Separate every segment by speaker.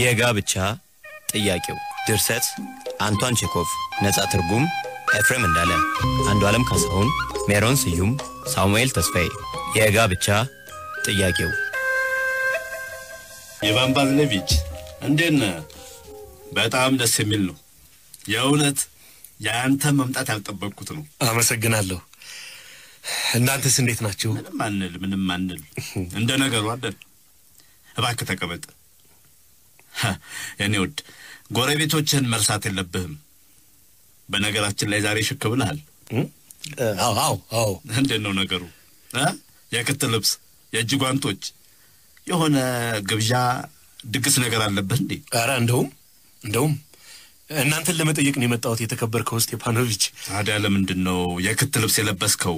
Speaker 1: የጋብቻ ጥያቄው ድርሰት አንቷን ቼኮቭ፣ ነፃ ትርጉም ኤፍሬም እንዳለ፣ አንዱ ዓለም ካሳሁን፣ ሜሮን ስዩም፣ ሳሙኤል ተስፋዬ። የጋብቻ ጥያቄው
Speaker 2: ኢቫን ባዝሌቪች እንዴት ነህ? በጣም ደስ የሚል ነው። የእውነት የአንተ መምጣት ያልጠበቅኩት ነው።
Speaker 1: አመሰግናለሁ። እናንተስ እንዴት ናችሁ?
Speaker 2: ምንም አንል ምንም አንል፣ እንደ ነገሩ አደል እባክህ ተቀመጥ። የኔ ውድ ጎረቤቶችህን መርሳት የለብህም። በነገራችን ላይ ዛሬ ሽክ ብልሃል።
Speaker 1: አዎ አዎ።
Speaker 2: እንዴት ነው ነገሩ? የክት ልብስ፣ የእጅ ጓንቶች፣ የሆነ ግብዣ ድግስ ነገር አለብህ እንዴ?
Speaker 1: አረ እንደውም እንደውም እናንተን ለመጠየቅ ነው የመጣሁት የተከበርከው ስቴፓኖቪች።
Speaker 2: ታዲያ ለምንድን ነው የክት ልብስ የለበስከው?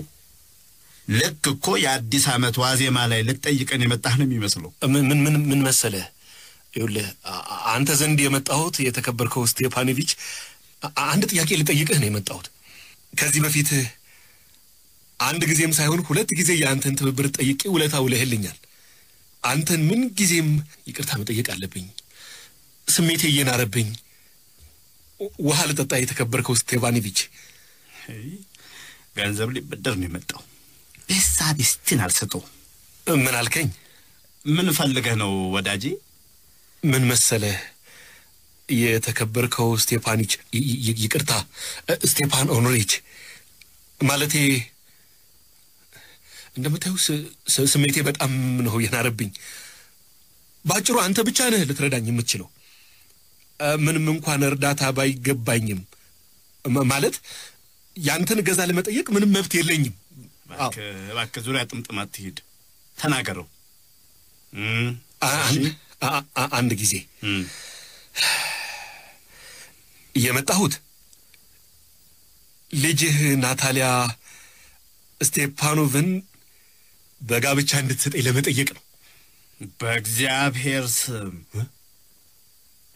Speaker 2: ልክ እኮ የአዲስ ዓመት ዋዜማ ላይ ልትጠይቀን የመጣህ ነው የሚመስለው።
Speaker 1: ምን ምን ምን መሰለህ ይኸውልህ አንተ ዘንድ የመጣሁት የተከበርከው ስቴፓኖቪች፣ አንድ ጥያቄ ልጠይቅህ ነው የመጣሁት። ከዚህ በፊት አንድ ጊዜም ሳይሆን ሁለት ጊዜ የአንተን ትብብር ጠይቄ ውለታ ውለህልኛል። አንተን ምን ጊዜም ይቅርታ መጠየቅ አለብኝ። ስሜቴ እየናረብኝ ውሃ ልጠጣ። የተከበርከው ስቴፓኖቪች፣
Speaker 2: ገንዘብ ሊበደር ነው የመጣው።
Speaker 1: ቤሳ ቢስትን አልሰጠው። ምን አልከኝ?
Speaker 2: ምን ፈልገህ ነው ወዳጄ?
Speaker 1: ምን መሰለህ የተከበርከው ስቴፓኒች፣ ይቅርታ ስቴፓን ኦኖሬች ማለቴ፣ እንደምታየው ስሜቴ በጣም ነው የናረብኝ። በአጭሩ አንተ ብቻ ነህ ልትረዳኝ የምትችለው ምንም እንኳን እርዳታ ባይገባኝም ማለት ያንተን ገዛ ለመጠየቅ ምንም መብት የለኝም።
Speaker 2: እባክህ ዙሪያ ጥምጥማት ትሄድ ተናገረው።
Speaker 1: አንድ ጊዜ የመጣሁት ልጅህ ናታሊያ ስቴፓኖቭን በጋብቻ እንድትሰጠኝ ለመጠየቅ ነው።
Speaker 2: በእግዚአብሔር ስም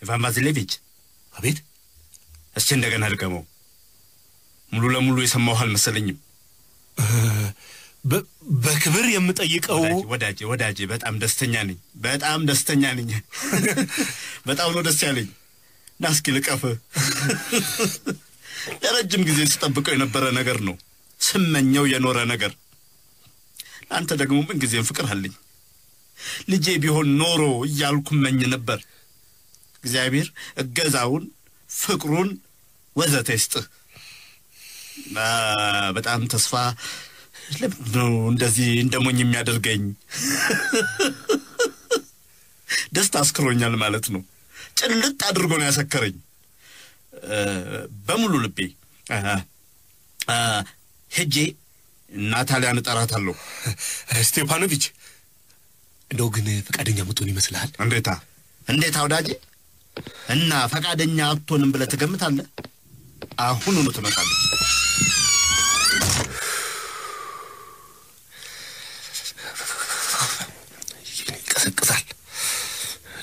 Speaker 2: ኢቫን ቫዝሌቪች። አቤት። እስኪ እንደገና ድገመው። ሙሉ ለሙሉ የሰማሁህ አልመሰለኝም።
Speaker 1: በክብር የምጠይቀው
Speaker 2: ወዳጅ ወዳጅ በጣም ደስተኛ ነኝ። በጣም ደስተኛ ነኝ። በጣም ነው ደስ ያለኝ። ና እስኪ ለረጅም ጊዜ ስጠብቀው የነበረ ነገር ነው፣ ስመኘው የኖረ ነገር። ለአንተ ደግሞ ምን ጊዜም ፍቅር አለኝ። ልጄ ቢሆን ኖሮ እያልኩ መኝ ነበር። እግዚአብሔር እገዛውን፣ ፍቅሩን ወዘተ ይስጥህ። በጣም ተስፋ ለምን ነው እንደዚህ እንደሞኝ የሚያደርገኝ? ደስታ አስክሮኛል ማለት ነው። ጭልጥ አድርጎ ነው ያሰከረኝ በሙሉ ልቤ። ሄጄ ናታሊያን እጠራታለሁ።
Speaker 1: ስቴፓኖቪች፣ እንደው ግን ፈቃደኛ ምትሆን ይመስልሃል?
Speaker 2: እንዴታ እንዴታ ወዳጄ እና ፈቃደኛ አትሆንም ብለህ ትገምታለህ? አሁኑኑ ትመጣለች።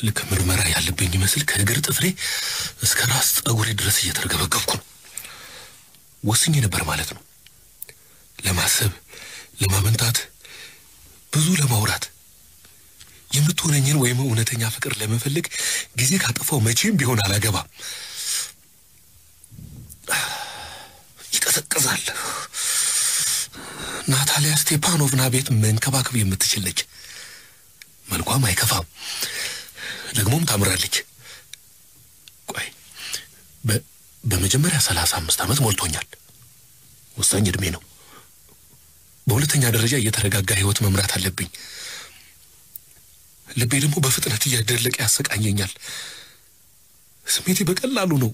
Speaker 1: ልክ ምርመራ ያለብኝ ይመስል ከእግር ጥፍሬ እስከ ራስ ጸጉሬ ድረስ እየተርገበገብኩ ነው። ወስኜ ነበር ማለት ነው። ለማሰብ፣ ለማመንታት፣ ብዙ ለማውራት የምትሆነኝን ወይም እውነተኛ ፍቅር ለመፈለግ ጊዜ ካጠፋው መቼም ቢሆን አላገባም። ይቀዘቅዛል። ናታሊያ ስቴፓኖቭና ቤት መንከባከብ የምትችል ነች። መልኳም አይከፋም። ደግሞም ታምራለች። ቆይ በመጀመሪያ ሰላሳ አምስት ዓመት ሞልቶኛል። ወሳኝ እድሜ ነው። በሁለተኛ ደረጃ እየተረጋጋ ህይወት መምራት አለብኝ። ልቤ ደግሞ በፍጥነት እያደለቀ ያሰቃኘኛል። ስሜቴ በቀላሉ ነው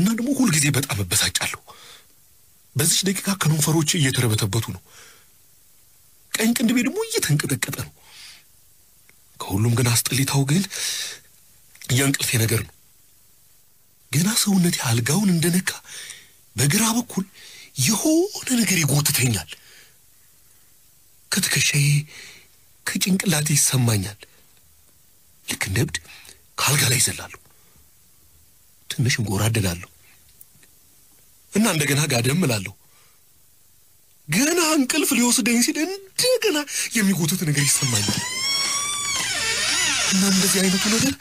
Speaker 1: እና ደግሞ ሁልጊዜ በጣም እበሳጫለሁ። በዚች ደቂቃ ከንፈሮች እየተረበተበቱ ነው። ቀኝ ቅንድቤ ደግሞ እየተንቀጠቀጠ ነው። ከሁሉም ግን አስጠሊታው ግን የእንቅልፌ ነገር ነው። ገና ሰውነቴ አልጋውን እንደነካ በግራ በኩል የሆነ ነገር ይጎትተኛል። ከትከሻዬ ከጭንቅላቴ ይሰማኛል። ልክ እንደ እብድ ከአልጋ ላይ ይዘላለሁ። ትንሽ እንጎራደዳለሁ እና እንደገና ጋደም እላለሁ። ገና እንቅልፍ ሊወስደኝ ሲል እንደገና የሚጎትት ነገር ይሰማኛል። እና እንደዚህ አይነቱ ነገር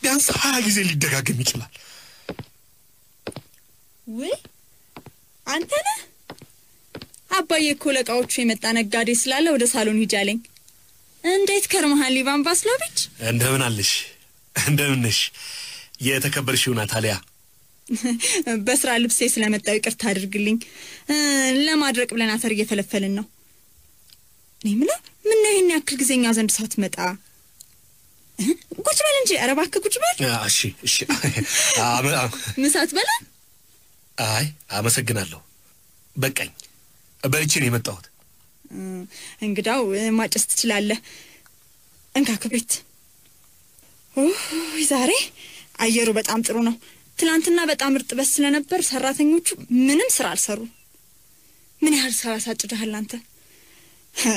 Speaker 1: ቢያንስ ሀያ ጊዜ ሊደጋገም ይችላል።
Speaker 3: ውይ አንተ ነህ አባዬ? እኮ ለእቃዎቹ የመጣ ነጋዴ ስላለ ወደ ሳሎን ሂጅ አለኝ። እንዴት ከርመሃል ኢቫን ቫስሎቪች?
Speaker 1: እንደምን አለሽ? እንደምን ነሽ? የተከበርሽ ይሁና ታሊያ።
Speaker 3: በስራ ልብሴ ስለመጣው ይቅርታ አድርግልኝ። ለማድረቅ ብለን አተር እየፈለፈልን ነው። እኔ ምላ ምነው ይህን ያክል ጊዜኛ ዘንድ ሳትመጣ ቁጭ በል እንጂ። ኧረ እባክህ ቁጭ በል። እሺ እሺ። ምሳት በላ።
Speaker 1: አይ አመሰግናለሁ፣ በቃኝ። በልቼ ነው የመጣሁት።
Speaker 3: እንግዳው ማጨስ ትችላለህ። እንካ ክብሪት። ዛሬ አየሩ በጣም ጥሩ ነው። ትላንትና በጣም እርጥበት ስለነበር ሰራተኞቹ ምንም ስራ አልሰሩ። ምን ያህል ስራ ሳጭደሃል አንተ።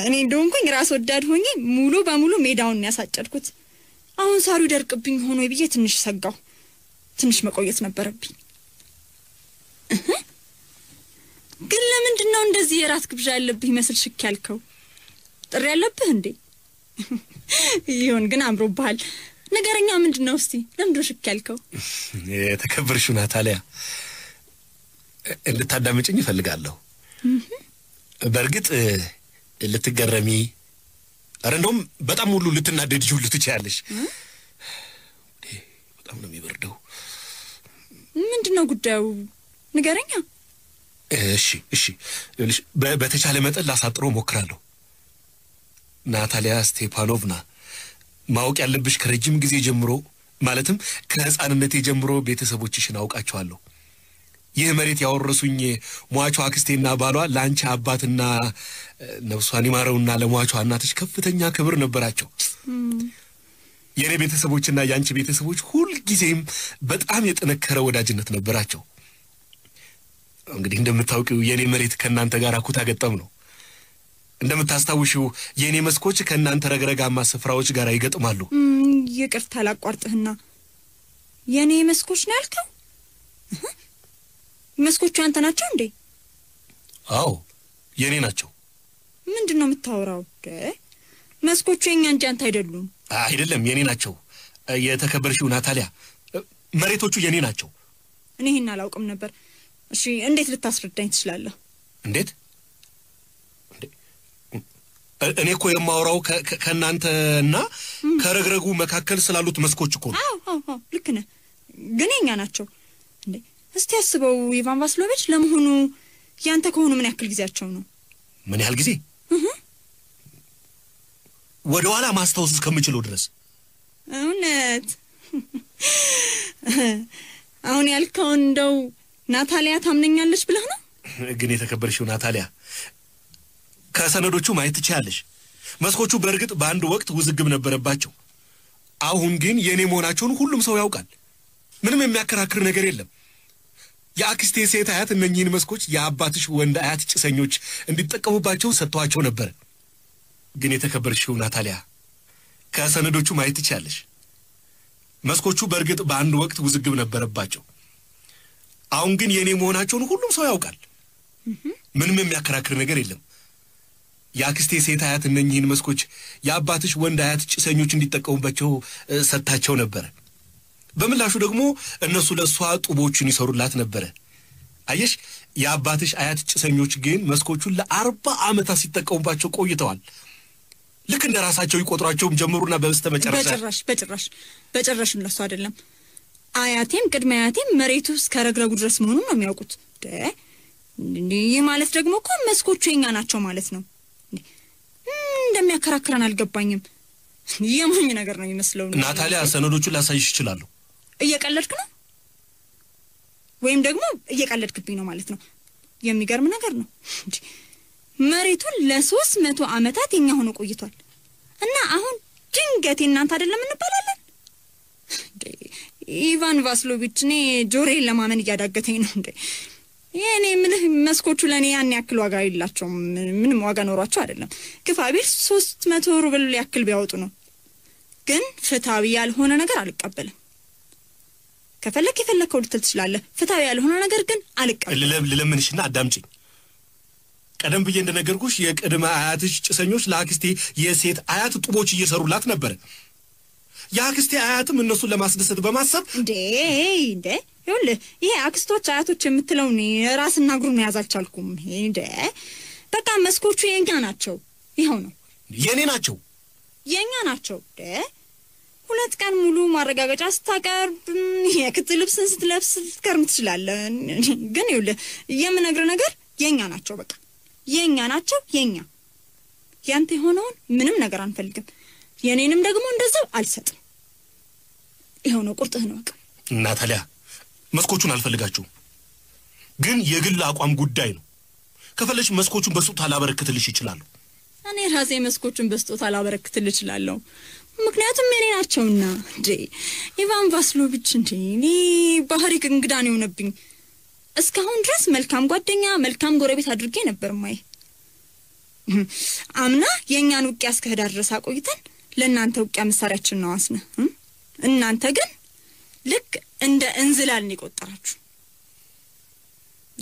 Speaker 3: እኔ እንደሆንኩኝ ራስ ወዳድ ሆኜ ሙሉ በሙሉ ሜዳውን ያሳጨድኩት። አሁን ሳሩ ይደርቅብኝ ሆኖ ብዬ ትንሽ ሰጋው። ትንሽ መቆየት ነበረብኝ። ግን ለምንድን ነው እንደዚህ የራት ግብዣ ያለብህ ይመስል ሽክ ያልከው? ጥሪ ያለብህ እንዴ? ይሁን ግን አምሮብሃል። ነገረኛ ምንድን ነው እስቲ? ለምንድን ሽክ ያልከው?
Speaker 1: የተከበርሽው ናታሊያ እንድታዳምጭኝ እፈልጋለሁ። በእርግጥ ልትገረሚ ኧረ እንደውም በጣም ሁሉ ልትናደድ ሁሉ ትችያለሽ። በጣም ነው የሚበርደው።
Speaker 3: ምንድን ነው ጉዳዩ? ንገረኛ።
Speaker 1: እሺ እሺ፣ በተቻለ መጠን ላሳጥሮ እሞክራለሁ። ናታሊያ ስቴፓኖቭና ማወቅ ያለብሽ ከረጅም ጊዜ ጀምሮ ማለትም ከህፃንነቴ ጀምሮ ቤተሰቦችሽን አውቃቸዋለሁ። ይህ መሬት ያወረሱኝ ሟቿ አክስቴና ባሏ ለአንቺ አባትና ነፍሷን ይማረውና ለሟቿ እናቶች ከፍተኛ ክብር ነበራቸው። የእኔ ቤተሰቦችና የአንቺ ቤተሰቦች ሁልጊዜም በጣም የጠነከረ ወዳጅነት ነበራቸው። እንግዲህ እንደምታውቂው የእኔ መሬት ከእናንተ ጋር ኩታ ገጠም ነው። እንደምታስታውሽው የእኔ መስኮች ከእናንተ ረግረጋማ ስፍራዎች ጋር ይገጥማሉ።
Speaker 3: ይቅርታ ላቋርጥህና የእኔ መስኮች ነው ያልከው? መስኮቹ ያንተ ናቸው እንዴ?
Speaker 1: አዎ የእኔ ናቸው።
Speaker 3: ምንድን ነው የምታወራው? መስኮቹ የኛ እንጂ አንተ አይደሉም።
Speaker 1: አይደለም የእኔ ናቸው። የተከበርሽው ናታሊያ፣ መሬቶቹ የእኔ ናቸው።
Speaker 3: እኔ ይህን አላውቅም ነበር። እሺ እንዴት ልታስረዳኝ ትችላለህ?
Speaker 1: እንዴት እኔ እኮ የማወራው ከእናንተና ከረግረጉ መካከል ስላሉት መስኮች እኮ
Speaker 3: ነው። ልክ ነህ፣ ግን የኛ ናቸው። እስቲ ያስበው ኢቫን ቫስሎቪች፣ ለመሆኑ ያንተ ከሆኑ ምን ያክል ጊዜያቸው ነው?
Speaker 1: ምን ያህል ጊዜ ወደ ኋላ ማስታወስ እስከምችለው ድረስ።
Speaker 3: እውነት አሁን ያልከው እንደው ናታሊያ ታምነኛለች ብለህ ነው?
Speaker 1: ግን የተከበርሽው ናታሊያ ከሰነዶቹ ማየት ትችያለሽ። መስኮቹ በእርግጥ በአንድ ወቅት ውዝግብ ነበረባቸው። አሁን ግን የእኔ መሆናቸውን ሁሉም ሰው ያውቃል። ምንም የሚያከራክር ነገር የለም። የአክስቴ ሴት አያት እነኚህን መስኮች የአባትሽ ወንድ አያት ጭሰኞች እንዲጠቀሙባቸው ሰጥተዋቸው ነበር። ግን የተከበርሽው ናታሊያ ከሰነዶቹ ማየት ትችያለሽ። መስኮቹ በእርግጥ በአንድ ወቅት ውዝግብ ነበረባቸው። አሁን ግን የእኔ መሆናቸውን ሁሉም ሰው ያውቃል። ምንም የሚያከራክር ነገር የለም። የአክስቴ ሴት አያት እነኚህን መስኮች የአባትሽ ወንድ አያት ጭሰኞች እንዲጠቀሙባቸው ሰጥታቸው ነበር። በምላሹ ደግሞ እነሱ ለእሷ ጡቦቹን ይሰሩላት ነበረ። አየሽ፣ የአባትሽ አያት ጭሰኞች ግን መስኮቹን ለአርባ ዓመታት ሲጠቀሙባቸው ቆይተዋል። ልክ እንደ ራሳቸው ይቆጥሯቸውም ጀምሩና በበስተ መጨረሻ
Speaker 3: በጭራሽ በጭራሽ በጭራሽ እነሱ አይደለም አያቴም ቅድመ አያቴም መሬቱ እስከ ረግረጉ ድረስ መሆኑን ነው የሚያውቁት። ይህ ማለት ደግሞ እኮ መስኮቹ የኛ ናቸው ማለት ነው። እንደሚያከራክረን አልገባኝም። የሞኝ ነገር ነው የሚመስለው።
Speaker 1: ናታሊያ፣ ሰነዶቹን ላሳይሽ ይችላሉ።
Speaker 3: እየቀለድክ ነው ወይም ደግሞ እየቀለድክብኝ ነው ማለት ነው። የሚገርም ነገር ነው። መሬቱን ለሶስት መቶ አመታት የኛ ሆኖ ቆይቷል እና አሁን ድንገት የእናንተ አይደለም እንባላለን። ኢቫን ቫስሎቪች፣ እኔ ጆሮዬን ለማመን እያዳገተኝ ነው እንዴ። የእኔ ምልህ መስኮቹ ለእኔ ያን ያክል ዋጋ የላቸውም። ምንም ዋጋ ኖሯቸው አይደለም። ግፋ ቢል ሶስት መቶ ሩብል ያክል ቢያወጡ ነው። ግን ፍትሐዊ ያልሆነ ነገር አልቀበልም። ከፈለክ የፈለግከው ልትል ትችላለህ። ፍትሐዊ ያልሆነ ነገር ግን አልቀበልም።
Speaker 1: ልለምንሽና አዳምጪኝ። ቀደም ብዬ እንደነገርኩሽ የቅድመ አያትሽ ጭሰኞች ለአክስቴ የሴት አያት ጡቦች እየሰሩላት ነበረ። የአክስቴ አያትም እነሱን ለማስደሰት በማሰብ
Speaker 3: እንዴ እንዴ ይኸውልህ ይሄ አክስቶች አያቶች የምትለውን ራስና እግሩን መያዝ አልቻልኩም። እንዴ በቃ መስኮቹ የእኛ ናቸው። ይኸው ነው የእኔ ናቸው፣ የእኛ ናቸው። ሁለት ቀን ሙሉ ማረጋገጫ ስታቀርብ የክት ልብስን ስትለብስ ስትከርም ትችላለህ። ግን ይኸውልህ የምነግርህ ነገር የኛ ናቸው፣ በቃ የኛ ናቸው። የኛ ያንተ የሆነውን ምንም ነገር አንፈልግም። የኔንም ደግሞ እንደዛው አልሰጥም። ይኸው ነው፣ ቁርጥህ ነው በቃ።
Speaker 1: እና ታዲያ መስኮቹን አልፈልጋችሁም፣ ግን የግል አቋም ጉዳይ ነው። ከፈለሽ መስኮቹን በስጦታ ላበረክትልሽ ይችላለሁ።
Speaker 3: እኔ ራሴ መስኮቹን በስጦታ ላበረክትልህ እችላለሁ። ምክንያቱም የኔ ናቸውና። እንዴ ኢቫን ቫስሎቪች፣ እንዴ እኔ ባህሪ እንግዳ ነው የሆነብኝ። እስካሁን ድረስ መልካም ጓደኛ፣ መልካም ጎረቤት አድርጌ ነበር ማይ አምና የእኛን ውቅያ እስከ ህዳር ድረስ አቆይተን ለእናንተ ውቅያ መሳሪያችን ነው አስነ። እናንተ ግን ልክ እንደ እንዝላል ነው የቆጠራችሁ።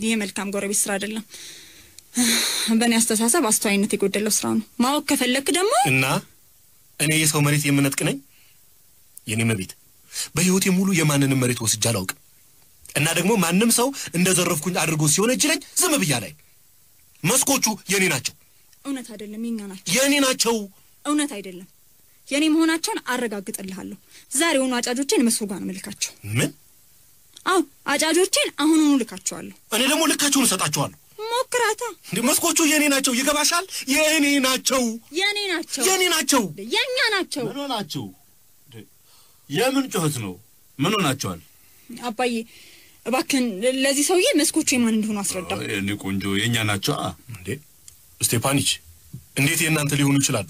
Speaker 3: ይህ መልካም ጎረቤት ስራ አይደለም። በእኔ አስተሳሰብ አስተዋይነት የጎደለው ስራ ነው። ማወቅ ከፈለክ ደግሞ
Speaker 1: እና እኔ የሰው መሬት የምነጥቅ ነኝ? የኔ መቤት በህይወቴ ሙሉ የማንንም መሬት ወስጃ አላውቅም። እና ደግሞ ማንም ሰው እንደ ዘረፍኩኝ አድርጎ ሲሆን እጅለኝ ዝም ብያ ላይ መስኮቹ የኔ ናቸው።
Speaker 3: እውነት አይደለም፣ የኛ ናቸው። የኔ ናቸው። እውነት አይደለም፣ የኔ መሆናቸውን አረጋግጥልሃለሁ። ዛሬውኑ አጫጆቼን መስሩ ጋር ነው እልካቸው። ምን? አዎ አጫጆቼን አሁኑኑ ልካቸዋለሁ።
Speaker 1: እኔ ደግሞ ልካቸውን እሰጣቸዋለሁ። ሞክራታ። እንደ መስኮቹ የኔ ናቸው፣ ይገባሻል? የኔ ናቸው፣
Speaker 3: የኔ ናቸው፣ የኔ ናቸው፣ የእኛ ናቸው።
Speaker 2: ምን ሆናችሁ? የምን ጩኸት ነው? ምን ሆናችኋል?
Speaker 3: አባዬ እባክን ለዚህ ሰውዬ መስኮቹ የማን እንደሆኑ አስረዳ።
Speaker 1: እኔ ቆንጆ የእኛ ናቸው። እንዴ ስቴፓኒች፣ እንዴት የእናንተ ሊሆኑ ይችላሉ?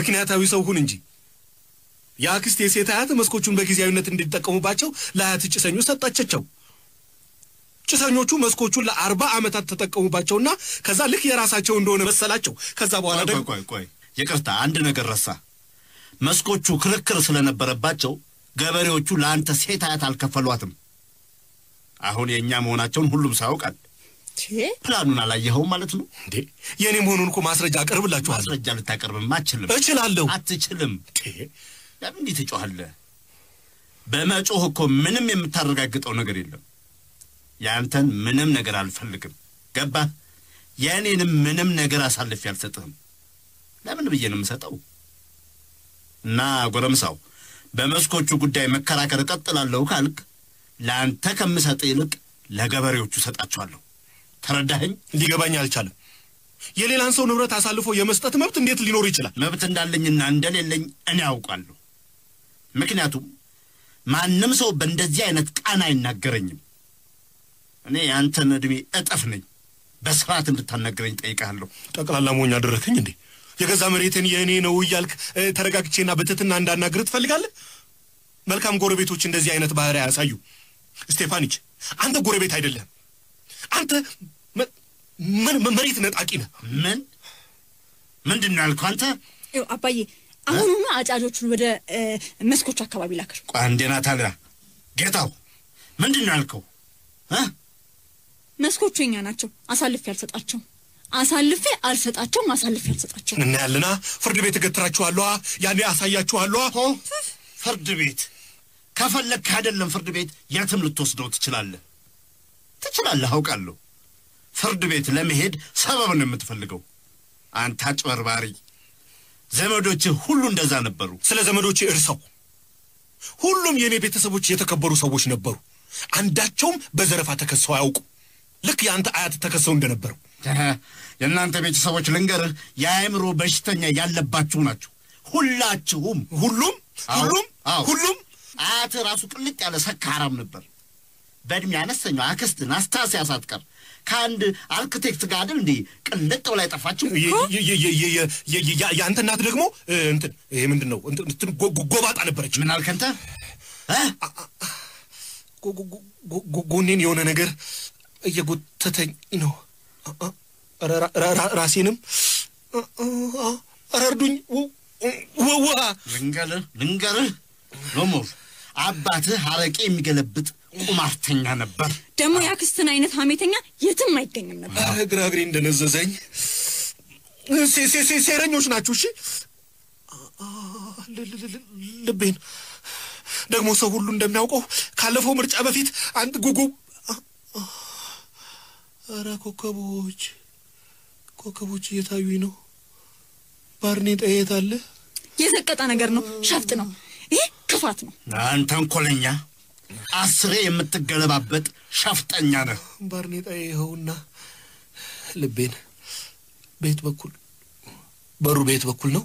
Speaker 1: ምክንያታዊ ሰው ሁን እንጂ የአክስት የሴት አያት መስኮቹን በጊዜያዊነት እንዲጠቀሙባቸው ለአያት ጭሰኞ ሰጣቸቸው። ጭሰኞቹ መስኮቹን ለአርባ ዓመታት ተጠቀሙባቸውና ከዛ ልክ የራሳቸው እንደሆነ መሰላቸው። ከዛ በኋላ
Speaker 2: ደግሞ ቆይ ቆይ ይቅርታ፣ አንድ ነገር ረሳ። መስኮቹ ክርክር ስለነበረባቸው ገበሬዎቹ ለአንተ ሴት አያት አልከፈሏትም። አሁን የእኛ መሆናቸውን ሁሉም ሳያውቃል። ፕላኑን አላየኸውም ማለት ነው
Speaker 1: እንዴ? የእኔ መሆኑን እኮ ማስረጃ አቀርብላችኋለሁ።
Speaker 2: ማስረጃ ልታቀርብም አችልም። እችላለሁ። አትችልም። ለምን እንዲህ በመጮህ እኮ ምንም የምታረጋግጠው ነገር የለም። የአንተን ምንም ነገር አልፈልግም። ገባ የእኔንም ምንም ነገር አሳልፌ አልሰጥህም። ለምን ብዬ ነው የምሰጠው? እና ጎረምሳው በመስኮቹ ጉዳይ መከራከር እቀጥላለሁ ካልክ ለአንተ ከምሰጥ ይልቅ ለገበሬዎቹ እሰጣቸዋለሁ። ተረዳኸኝ?
Speaker 1: ሊገባኝ አልቻለም። የሌላን ሰው ንብረት አሳልፎ የመስጠት መብት እንዴት ሊኖር ይችላል?
Speaker 2: መብት እንዳለኝና እንደሌለኝ እኔ አውቃለሁ። ምክንያቱም ማንም ሰው በእንደዚህ አይነት ቃና አይናገረኝም። እኔ የአንተን ዕድሜ እጠፍ ነኝ። በስርዓት እንድታናገረኝ ጠይቃለሁ።
Speaker 1: ጠቅላላ ሞኝ አደረከኝ እንዴ? የገዛ መሬትን የእኔ ነው እያልክ ተረጋግቼና በትትና እንዳናግር ትፈልጋለህ? መልካም ጎረቤቶች እንደዚህ አይነት ባህሪ አያሳዩ። ስቴፋኒች፣ አንተ ጎረቤት አይደለም። አንተ መሬት ነጣቂ ነህ።
Speaker 2: ምን ምንድን ነው ያልከው አንተ?
Speaker 3: አባዬ፣ አሁኑኑ አጫጆቹን ወደ መስኮቹ አካባቢ ላክር።
Speaker 2: ቆይ አንዴ ጌታው፣ ምንድን ነው ያልከው?
Speaker 3: መስኮቹ የኛ ናቸው። አሳልፌ ያልሰጣቸው አሳልፌ አልሰጣቸውም። አሳልፌ አልሰጣቸውም።
Speaker 1: እናያልና ፍርድ ቤት እገትራችኋለሁ። ያኔ አለዋ
Speaker 2: ፍርድ ቤት ከፈለግህ አይደለም ፍርድ ቤት የትም ልትወስደው ትችላለህ። ትችላለህ፣ አውቃለሁ። ፍርድ ቤት ለመሄድ ሰበብ ነው የምትፈልገው። አንተ አጭበርባሪ! ዘመዶችህ ሁሉ እንደዛ ነበሩ።
Speaker 1: ስለ ዘመዶች እርሰው። ሁሉም የእኔ ቤተሰቦች የተከበሩ ሰዎች ነበሩ። አንዳቸውም በዘረፋ ተከሰው አያውቁ። ልክ የአንተ አያት ተከሰው እንደነበረው
Speaker 2: የእናንተ ቤተሰቦች ልንገርህ፣ የአእምሮ በሽተኛ ያለባችሁ ናችሁ ሁላችሁም። ሁሉም ሁሉም ሁሉም። አያት ራሱ ቅልጥ ያለ ሰካራም ነበር። በእድሜ አነስተኛው አክስትን አስታሲያ ሳትቀር ከአንድ አርክቴክት ጋር አይደል እንዴ ቅልጥ ብላ የጠፋችው?
Speaker 1: የአንተ እናት ደግሞ እንትን ይሄ ምንድን ነው ጎባጣ ነበረች። ምን አልከንተ ጎኔን የሆነ ነገር እየጎተተኝ ነው። ራሴንም ረርዱኝ።
Speaker 2: ውሃ ልንገርህ ልንገርህ ሎሞር አባትህ አረቄ የሚገለብጥ ቁማርተኛ ነበር።
Speaker 3: ደግሞ ያክስትን አይነት ሐሜተኛ የትም አይገኝም ነበር።
Speaker 1: እግራ እግሬ እንደነዘዘኝ ሴረኞች ናችሁ። እሺ ልቤን ደግሞ ሰው ሁሉ እንደሚያውቀው ካለፈው ምርጫ በፊት አንድ እረ ኮከቦች ኮከቦች እየታዩኝ ነው። ባርኔጣ የት አለ?
Speaker 3: የዘቀጣ ነገር ነው፣ ሸፍጥ ነው፣ ይህ ክፋት ነው።
Speaker 2: አንተ እንኮለኛ አስሬ የምትገለባበጥ ሸፍጠኛ ነህ።
Speaker 1: ባርኔጣ ይኸውና፣ ልቤን ቤት በኩል በሩ ቤት በኩል ነው።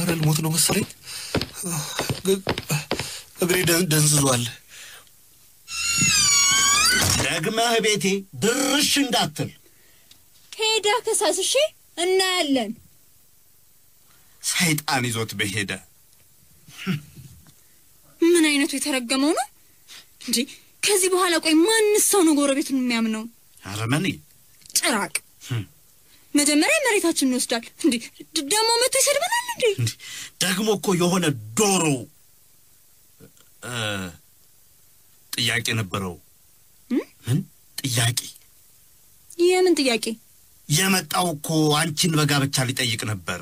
Speaker 1: እረ ልሞት ነው መሰለኝ፣ እግሬ ደንዝዟል።
Speaker 2: ደግመህ ቤቴ ድርሽ እንዳትል።
Speaker 3: ሄዳ ከሳስሺ እናያለን።
Speaker 1: ሰይጣን ይዞት በሄደ
Speaker 3: ምን አይነቱ የተረገመው ነው እንጂ። ከዚህ በኋላ ቆይ ማንስ ሰው ነው ጎረቤቱን የሚያምነው? አረመኔ ጭራቅ። መጀመሪያ መሬታችን ይወስዳል። እንዲ ደግሞ መቶ ይሰድበናል። እንዲ
Speaker 2: ደግሞ እኮ የሆነ ዶሮ ጥያቄ ነበረው ጥያቄ። የምን ጥያቄ? የመጣው እኮ አንቺን በጋብቻ ሊጠይቅ ነበር።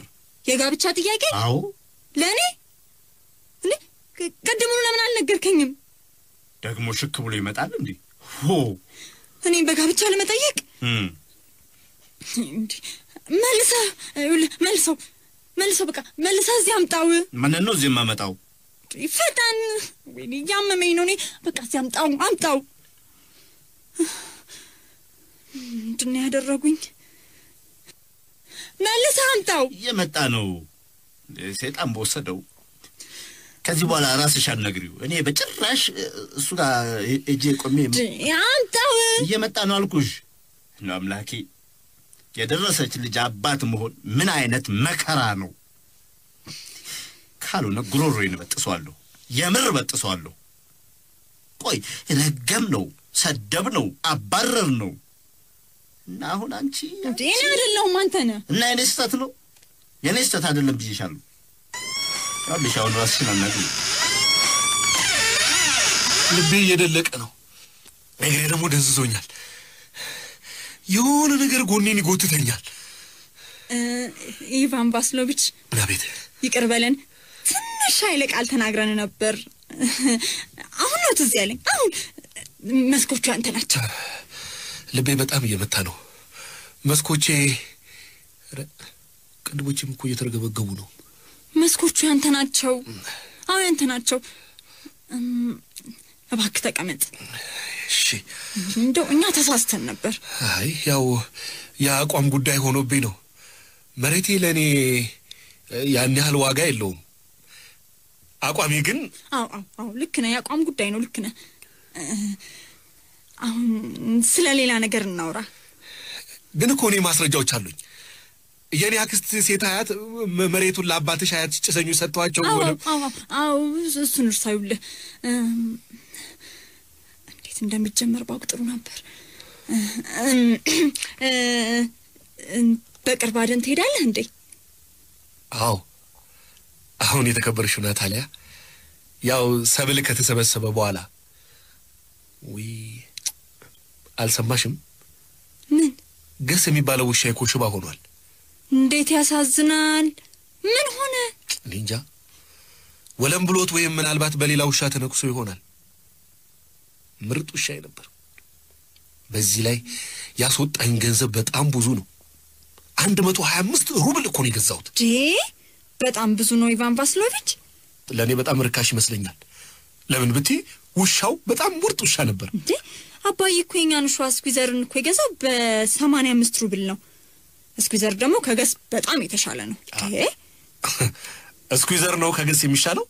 Speaker 3: የጋብቻ ጥያቄ? አዎ። ለእኔ እኔ ቀድሙን ለምን አልነገርከኝም?
Speaker 2: ደግሞ ሽክ ብሎ ይመጣል እንዴ? ሆ
Speaker 3: እኔም በጋብቻ ለመጠየቅ መልሰ መልሰው መልሰው በቃ መልሰ እዚህ አምጣው።
Speaker 2: ምን ነው እዚህ የማመጣው?
Speaker 3: ፈጣን እያመመኝ ነው እኔ። በቃ እዚህ አምጣው አምጣው። ምንድን ያደረጉኝ? መልሰህ አምጣው።
Speaker 2: እየመጣ ነው። ሰይጣን በወሰደው። ከዚህ በኋላ ራስሽ አትነግሪው። እኔ በጭራሽ እሱ ጋር እጄ ቆሜ
Speaker 3: አምጣው።
Speaker 2: እየመጣ ነው አልኩሽ። ነው አምላኬ፣ የደረሰች ልጅ አባት መሆን ምን አይነት መከራ ነው! ካልሆነ ጉሮሮዬን በጥሷለሁ፣ የምር በጥሷለሁ። ቆይ ረገም ነው ሰደብ ነው፣ አባረር ነው። እና አሁን አንቺ
Speaker 3: እኔ አይደለሁም አንተ ነህ።
Speaker 2: እና የኔ ስህተት ነው የኔ ስህተት አይደለም ብዬሻለሁ። ያለሽ አሁን ራስሽን አናቅ።
Speaker 1: ልቤ እየደለቀ ነው፣ እግሬ ደግሞ ደንዝዞኛል። የሆነ ነገር ጎኔን ይጎትተኛል።
Speaker 3: ኢቫን ባስሎቪች ናቤት ይቅር በለን። ትንሽ ኃይለ ቃል ተናግረን ነበር። አሁን ነው ትዝ ያለኝ። አሁን መስኮቹ አንተ ናቸው።
Speaker 1: ልቤ በጣም እየመታ ነው። መስኮቼ ቅንድቦቼም እኮ እየተረገበገቡ ነው።
Speaker 3: መስኮቹ ያንተ ናቸው። አዎ ያንተ ናቸው። እባክህ ተቀመጥ። እሺ። እንደው እኛ ተሳስተን ነበር።
Speaker 1: አይ ያው የአቋም ጉዳይ ሆኖብኝ ነው። መሬቴ ለእኔ ያን ያህል ዋጋ የለውም። አቋሚ ግን
Speaker 3: አዎ አዎ አዎ፣ ልክ ነህ። የአቋም ጉዳይ ነው። ልክ ነህ። አሁን ስለ ሌላ ነገር እናውራ።
Speaker 1: ግን እኮ እኔ ማስረጃዎች አሉኝ። የኔ አክስት ሴት አያት መሬቱን ለአባትሽ አያት ጭሰኙ ሰጥተዋቸው።
Speaker 3: አዎ እሱን እርሳዩል። እንዴት እንደሚጀመር ባውቅ ጥሩ ነበር። በቅርብ አደን ትሄዳለህ እንዴ?
Speaker 1: አዎ። አሁን የተከበርሽ ናታሊያ፣ ያው ሰብል ከተሰበሰበ በኋላ አልሰማሽም? ምን ገስ የሚባለው ውሻ የኮችባ ሆኗል።
Speaker 3: እንዴት ያሳዝናል! ምን ሆነ?
Speaker 1: እኔ እንጃ። ወለም ብሎት ወይም ምናልባት በሌላ ውሻ ተነኩሶ ይሆናል። ምርጥ ውሻ ነበር። በዚህ ላይ ያስወጣኝ ገንዘብ በጣም ብዙ ነው። አንድ መቶ ሀያ አምስት ሩብል እኮ ነው የገዛሁት።
Speaker 3: በጣም ብዙ ነው ኢቫን ቫስሎቪች።
Speaker 1: ለእኔ በጣም ርካሽ ይመስለኛል። ለምን ብቲ? ውሻው በጣም ምርጥ ውሻ ነበር።
Speaker 3: እንዴ አባዬ እኮ የኛን ውሻ እስኩዘርን እኮ የገዛው በሰማንያ አምስት ሩብል ነው። ስኩዘር ደግሞ ከገስ በጣም የተሻለ ነው።
Speaker 1: ስኩዘር ነው ከገስ የሚሻለው?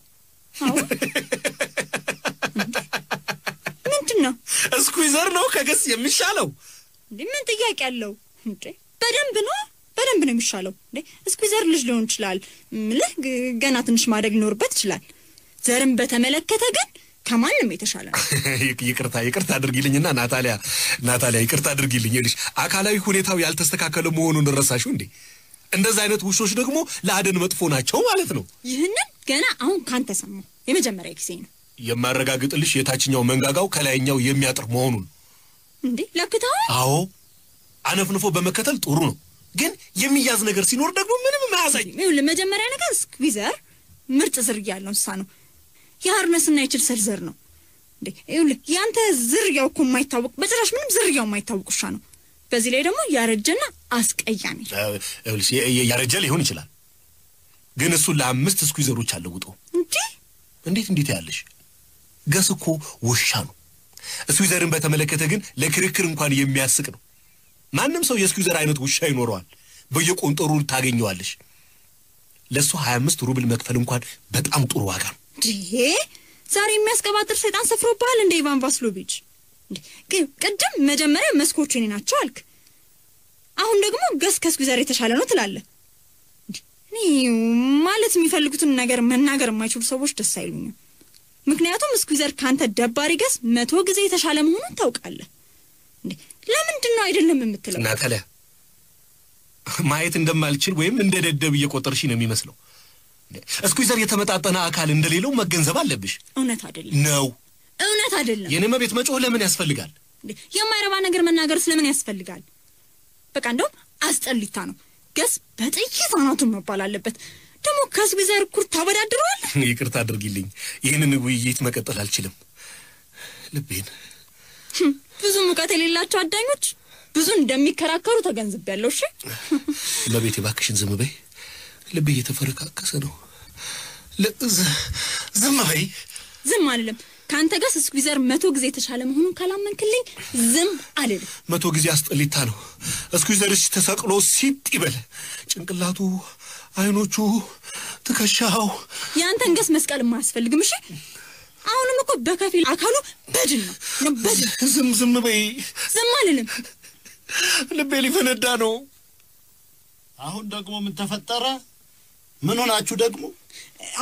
Speaker 3: ምንድን ነው
Speaker 1: ስኩዘር ነው ከገስ የሚሻለው?
Speaker 3: ምን ጥያቄ አለው? እንዴ በደንብ ነው በደንብ ነው የሚሻለው። እንዴ እስኩዘር ልጅ ሊሆን ይችላል ምልህ ገና ትንሽ ማደግ ሊኖርበት ይችላል። ዘርን በተመለከተ ግን ከማንም የተሻለ ነው።
Speaker 1: ይቅርታ ይቅርታ አድርጊልኝና ናታሊያ ናታሊያ ይቅርታ አድርጊልኝ። ይኸውልሽ አካላዊ ሁኔታው ያልተስተካከለ መሆኑን ረሳሽው እንዴ? እንደዚህ አይነት ውሾች ደግሞ ለአደን መጥፎ ናቸው ማለት ነው።
Speaker 3: ይህንን ገና አሁን ካንተ ሰማሁ፣ የመጀመሪያ ጊዜ ነው።
Speaker 1: የማረጋግጥልሽ የታችኛው መንጋጋው ከላይኛው የሚያጥር መሆኑን።
Speaker 3: እንዴ ለክተዋል?
Speaker 1: አዎ አነፍንፎ በመከተል ጥሩ ነው፣ ግን የሚያዝ ነገር ሲኖር ደግሞ ምንም መያዛኝ።
Speaker 3: ለመጀመሪያ ነገር ስኩዊዘር ምርጥ ዝርያ ያለው እንስሳ ነው። የሀርነስና የችልሰል ዘር ነው። ይኸውልህ ያንተ ዝርያው እኮ የማይታወቅ በጭራሽ ምንም ዝርያው የማይታወቅ ውሻ ነው። በዚህ ላይ ደግሞ ያረጀና አስቀያሚ
Speaker 1: ያረጀ ሊሆን ይችላል፣ ግን እሱን ለአምስት ስኩዘሮች አለውጦ እንዴ! እንዴት እንዴት ያለሽ ገስ እኮ ውሻ ነው። እስኩዘርን በተመለከተ ግን ለክርክር እንኳን የሚያስቅ ነው። ማንም ሰው የእስኩዘር አይነት ውሻ ይኖረዋል። በየቆንጠሩ ታገኘዋለሽ። ለእሱ አምስት ሩብል መክፈል እንኳን በጣም ጥሩ ዋጋ ነው።
Speaker 3: ድሄ ዛሬ የሚያስቀባጥር ሰይጣን ሰፍሮብሃል እንደ ኢቫን ቫስሎቪች። ቅድም መጀመሪያ መስኮቹ እኔ ናቸው አልክ፣ አሁን ደግሞ ገስከስኩ ዘር የተሻለ ነው ትላለ ማለት የሚፈልጉትን ነገር መናገር የማይችሉ ሰዎች ደስ አይሉኝም። ምክንያቱም እስኩዘር ከአንተ ደባሪ ገስ መቶ ጊዜ የተሻለ መሆኑን ታውቃለህ። ለምንድን ነው አይደለም የምትለው?
Speaker 1: ናታሊያ፣ ማየት እንደማልችል ወይም እንደ ደደብ እየቆጠርሽ ነው የሚመስለው። እስኩዘር የተመጣጠነ አካል እንደሌለው መገንዘብ አለብሽ። እውነት አይደለም ነው
Speaker 3: እውነት አይደለም።
Speaker 1: የኔ መቤት መጮህ ለምን ያስፈልጋል?
Speaker 3: የማይረባ ነገር መናገር ስለምን ያስፈልጋል? በቃ እንደውም አስጠሊታ ነው። ገስ በጥይት አናቱን መባል አለበት። ደግሞ ከስዊዘር ኩር ታወዳድረዋል።
Speaker 1: ይቅርታ አድርጊልኝ፣ ይህንን ውይይት መቀጠል አልችልም። ልቤን
Speaker 3: ብዙ ሙቀት የሌላቸው አዳኞች ብዙ እንደሚከራከሩ ተገንዝቤያለሁ። እሺ
Speaker 1: እመቤቴ፣ እባክሽን ዝም በይ። ልቤ እየተፈረካከሰ ነው። ዝም በይ።
Speaker 3: ዝም አልልም። ከአንተ ጋር ስኩዊዘር መቶ ጊዜ የተሻለ መሆኑን ካላመንክልኝ ዝም አልልም።
Speaker 1: መቶ ጊዜ አስጠሊታ ነው። እስኩዊዘርሽ ተሰቅሎ ሲጥ ይበል። ጭንቅላቱ፣ አይኖቹ፣ ትከሻው
Speaker 3: የአንተን ገስ መስቀል የማያስፈልግም። እሺ አሁንም እኮ በከፊል አካሉ በድን ነው በድን።
Speaker 1: ዝም ዝም በይ። ዝም አልልም። ልቤ ሊፈነዳ ነው።
Speaker 2: አሁን ደግሞ ምን ተፈጠረ? ምን ሆናችሁ ደግሞ?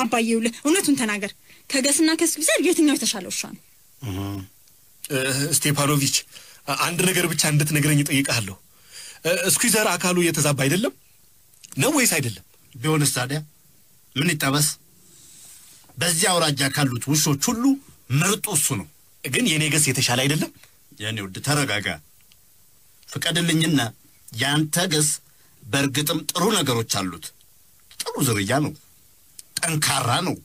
Speaker 3: አባዬ ውለ እውነቱን ተናገር። ከገስና ከእሱ የትኛው የተሻለ ውሻ ነው?
Speaker 1: ስቴፓኖቪች አንድ ነገር ብቻ እንድትነግረኝ እጠይቅሃለሁ። እስኩዘር አካሉ እየተዛባ አይደለም ነው ወይስ አይደለም?
Speaker 2: ቢሆንስ ታዲያ ምን ይጠበስ? በዚህ አውራጃ ካሉት ውሾች ሁሉ ምርጡ እሱ ነው።
Speaker 1: ግን የኔ ገስ የተሻለ አይደለም?
Speaker 2: የኔ ውድ ተረጋጋ፣ ፍቀድልኝና ያንተ ገስ በእርግጥም ጥሩ ነገሮች አሉት። ጥሩ ዝርያ ነው፣ ጠንካራ ነው።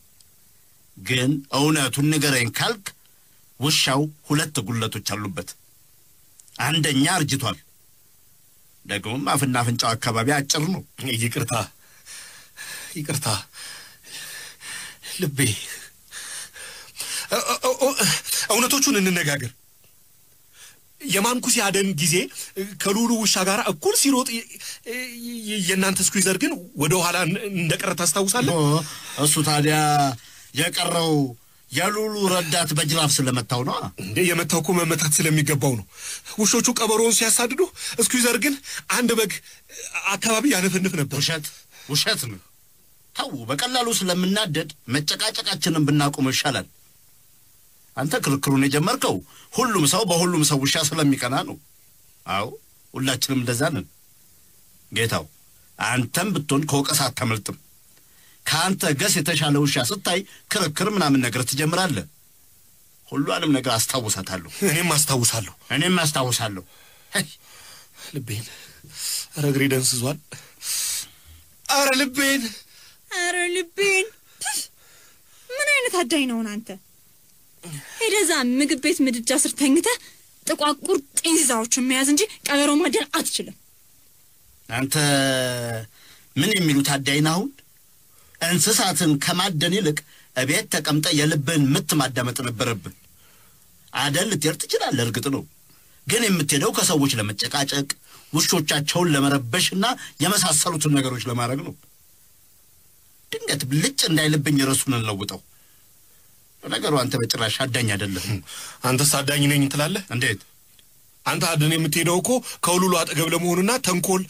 Speaker 2: ግን እውነቱን ንገረኝ ካልክ ውሻው ሁለት ጉለቶች አሉበት። አንደኛ አርጅቷል፣ ደግሞም አፍና አፍንጫው አካባቢ አጭር ነው።
Speaker 1: ይቅርታ ይቅርታ፣ ልቤ እውነቶቹን እንነጋገር። የማንኩሴ አደን ጊዜ ከሉሉ ውሻ ጋር እኩል ሲሮጥ የእናንተ ስኩዊዘር ግን ወደ ኋላ እንደቀረ ታስታውሳለህ።
Speaker 2: እሱ ታዲያ የቀረው የሉሉ ረዳት በጅራፍ ስለመታው ነው።
Speaker 1: እንደ የመታው እኮ መመታት ስለሚገባው ነው። ውሾቹ ቀበሮውን ሲያሳድዱ፣ እስኩዊዘር ግን አንድ በግ አካባቢ ያነፈንፍ ነበር።
Speaker 2: ውሸት ውሸት ነው። ተው፣ በቀላሉ ስለምናደድ መጨቃጨቃችንን ብናቆም ይሻላል። አንተ ክርክሩን የጀመርከው ሁሉም ሰው በሁሉም ሰው ውሻ ስለሚቀና ነው። አዎ ሁላችንም እንደዛ ነን። ጌታው አንተም ብትሆን ከውቀስ አታመልጥም። ከአንተ ገስ የተሻለ ውሻ ስታይ ክርክር ምናምን ነገር ትጀምራለህ። ሁሉንም ነገር አስታውሳታለሁ። እኔም አስታውሳለሁ። እኔም አስታውሳለሁ። ልቤን ኧረ እግሬ ደንዝዟል። ልቤን አረ ልቤን። ምን አይነት አዳኝ ነውን አንተ? ሄደዛ ምግብ ቤት ምድጃ ስር ጥቋቁር ኢንዛዎችን መያዝ እንጂ ቀበሮ ማደን አትችልም። አንተ ምን የሚሉት አዳይን አሁን እንስሳትን ከማደን ይልቅ እቤት ተቀምጠ የልብን ምት ማዳመጥ ነበረብን። አደን ልትሄድ ትችላለህ፣ እርግጥ ነው ግን የምትሄደው ከሰዎች ለመጨቃጨቅ ውሾቻቸውን ለመረበሽና የመሳሰሉትን ነገሮች ለማድረግ ነው። ድንገት ብልጭ እንዳይልብኝ ርዕሱን እንለውጠው። ነገሩ አንተ በጭራሽ አዳኝ አይደለህም። አንተስ አዳኝ ነኝ ትላለህ? እንዴት አንተ አድን የምትሄደው እኮ ከውሉሉ አጠገብ ለመሆኑና ተንኮል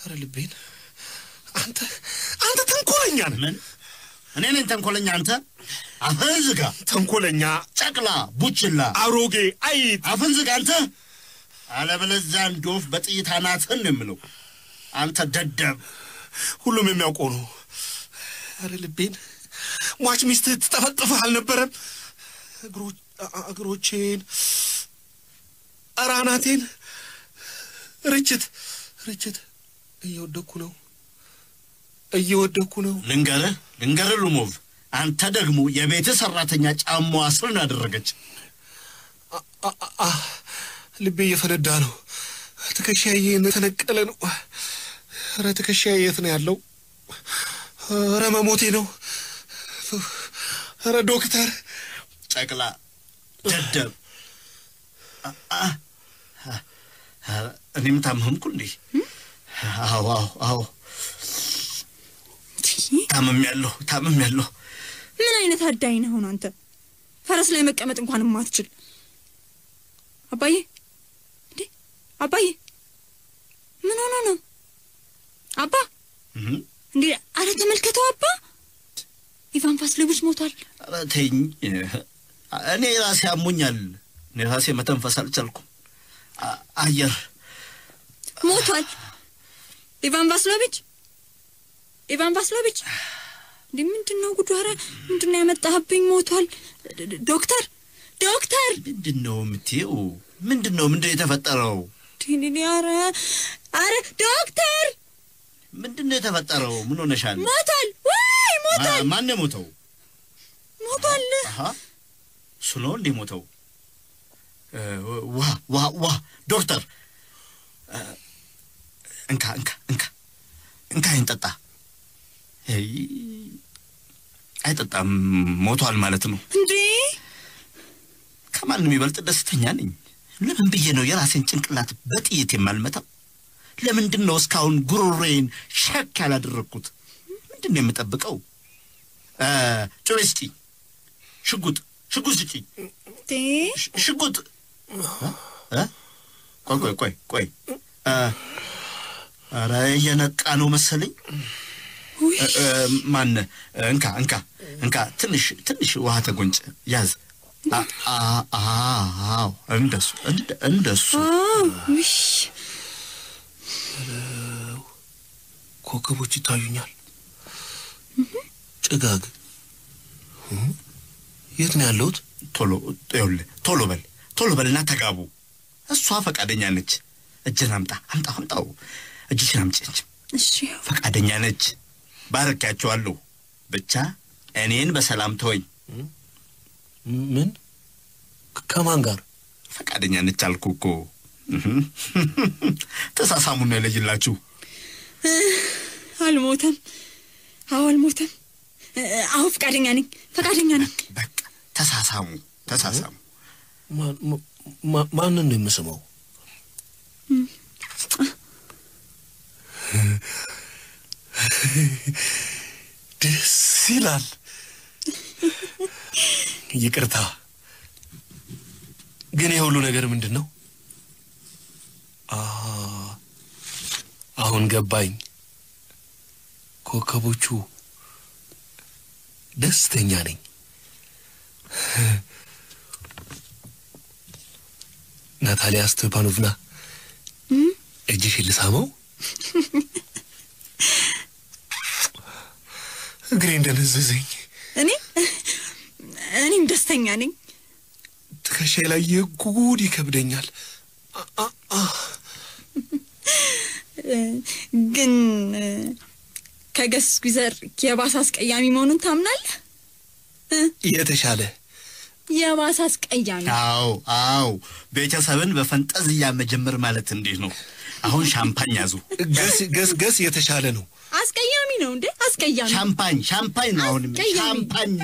Speaker 2: ኧረ ልቤን አንተ አንተ ተንኮለኛ ነህ። እኔ ነኝ ተንኮለኛ? አንተ አፍህን ዝጋ። ተንኮለኛ፣ ጨቅላ፣ ቡችላ፣ አሮጌ፣ አይጥ አፍህን ዝጋ አንተ። አለበለዚያ እንደ ወፍ በጥይት አናትህን ነው የምለው። አንተ ደደብ፣ ሁሉም የሚያውቀው ነው። ኧረ ልቤን ሟች ሚስትህ ትጠፈጥፈህ አልነበረም? እግሮቼን ኧረ አናቴን ርችት ርችት እየወደኩ ነው እየወደኩ ነው። ልንገርህ ልንገርህ ሉሞቭ፣ አንተ ደግሞ የቤት ሰራተኛ ጫማዋ ስርን አደረገች። ልቤ እየፈነዳ ነው። ትከሻዬ የተነቀለ ነው። ኧረ ትከሻዬ የት ነው ያለው? ኧረ መሞቴ ነው። ኧረ ዶክተር፣ ጨቅላ ደደብ እኔም ታመምኩ እንዴ? አዎ አዎ አዎ ታመም ያለሁ ታመም ያለሁ። ምን አይነት አዳኝ ነህ አንተ? ፈረስ ላይ መቀመጥ እንኳን የማትችል አባዬ። እንዴ አባዬ፣ ምን ሆኖ ነው አባ? እንዴ አረ ተመልከተው አባ፣ ኢቫን ፋስሌቦች ሞቷል። አረ ተይኝ፣ እኔ ራሴ አሞኛል። እኔ ራሴ መተንፈስ አልቻልኩም። አየር ሞቷል። ኢቫን ቫስሎቪች ኢቫን ቫስሎቪች፣ እንዴ ምንድን ነው ጉዱ? ኧረ ምንድን ነው ያመጣህብኝ? ሞቷል። ዶክተር ዶክተር፣ ምንድን ነው የምትይው? ምንድን ነው ምንድን ነው የተፈጠረው? ኧረ ኧረ ዶክተር፣ ምንድን ነው የተፈጠረው? ምን ሆነሻል? ሞቷል ወይ ሞቷል። ማን ነው የሞተው? ሞቷል። እሱ ነው እንዴ ሞተው? ዋ ዋ ዶክተር እንካ እንካ እንካ እንካ ይንጠጣ አይጠጣም ሞቷል ማለት ነው እንዴ? ከማንም ይበልጥ ደስተኛ ነኝ። ለምን ብዬ ነው የራሴን ጭንቅላት በጥይት የማልመታው? ለምንድን ነው እስካሁን ጉሩሬን ሸክ ያላደረግኩት? ምንድን ነው የምጠብቀው? ጩቤ ሽጉጥ ሽጉጥ ሽጉጥ ቆይ ቆይ ቆይ ቆይ ኧረ የነቃ ነው መሰለኝ። ማነ እንካ እንካ እንካ፣ ትንሽ ትንሽ ውሃ ተጎንጭ፣ ያዝ። አዎ እንደሱ እንደሱ። ኮከቦች ይታዩኛል። ጭጋግ የት ነው ያለሁት? ቶሎ ይኸውልህ፣ ቶሎ በል ቶሎ በልና ተጋቡ። እሷ ፈቃደኛ ነች። እጅን አምጣ፣ አምጣ፣ አምጣው። እጅሽን አምጪች። እሺ፣ ፈቃደኛ ነች። ባርኪያቸዋለሁ። ብቻ እኔን በሰላም ተወኝ። ምን? ከማን ጋር? ፈቃደኛ ነች አልኩ እኮ። ተሳሳሙን ነው ይለይላችሁ። አልሞተም። አዎ አልሞተም። አሁ ፈቃደኛ ነኝ፣ ፈቃደኛ ነኝ። በቃ ተሳሳሙ፣ ተሳሳሙ። ማንን ነው የምስመው? ደስ ይላል። ይቅርታ ግን የሁሉ ነገር ምንድን ነው? አሁን ገባኝ። ኮከቦቹ ደስተኛ ነኝ። ናታሊያ ስቴፓኖቭና እጅሽ ልሳመው። እግሬ እንደነዘዘኝ እኔ እኔም ደስተኛ ነኝ። ትከሻዬ ላይ የጉድ ይከብደኛል። ግን ከገስኩዘር የባሰ አስቀያሚ መሆኑን ታምናለህ? የተሻለ የባሰ ነው። አዎ አዎ፣ ቤተሰብን በፈንጠዝያ መጀመር ማለት እንዴት ነው? አሁን ሻምፓኝ ያዙ። ገስ ገስ ገስ፣ የተሻለ ነው። አስቀያሚ ነው እንዴ? አስቀያሚ ሻምፓኝ ሻምፓኝ ነው። አሁን ሻምፓኝ